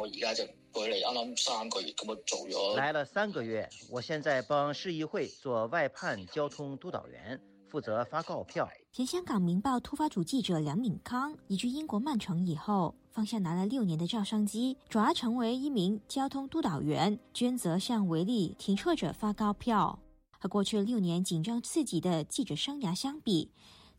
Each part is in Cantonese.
我而家就過嚟啱啱三個月咁樣，做咗。嚟了三個月，我現在幫市議會做外判交通督導員，負責發告票。前香港明報突發組記者梁敏康移居英國曼城以後，放下拿了六年的照相機，轉而成為一名交通督導員，專責向違例停車者發告票。和過去六年緊張刺激的記者生涯相比。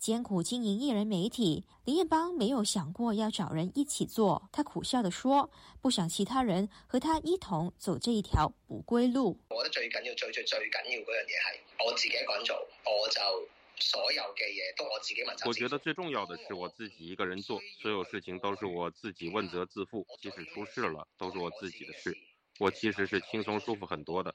艱苦經營一人媒體，林彥邦沒有想過要找人一起做。他苦笑地說：“不想其他人和他一同走這一條不歸路。”我覺得最緊要、最最最緊要嗰樣嘢係我自己一個人做，我就所有嘅嘢都我自己問自己。我覺得最重要的是我自己一個人做，所有事情都是我自己問責自負。即使出事了，都是我自己的事。我其實是輕鬆舒服很多的。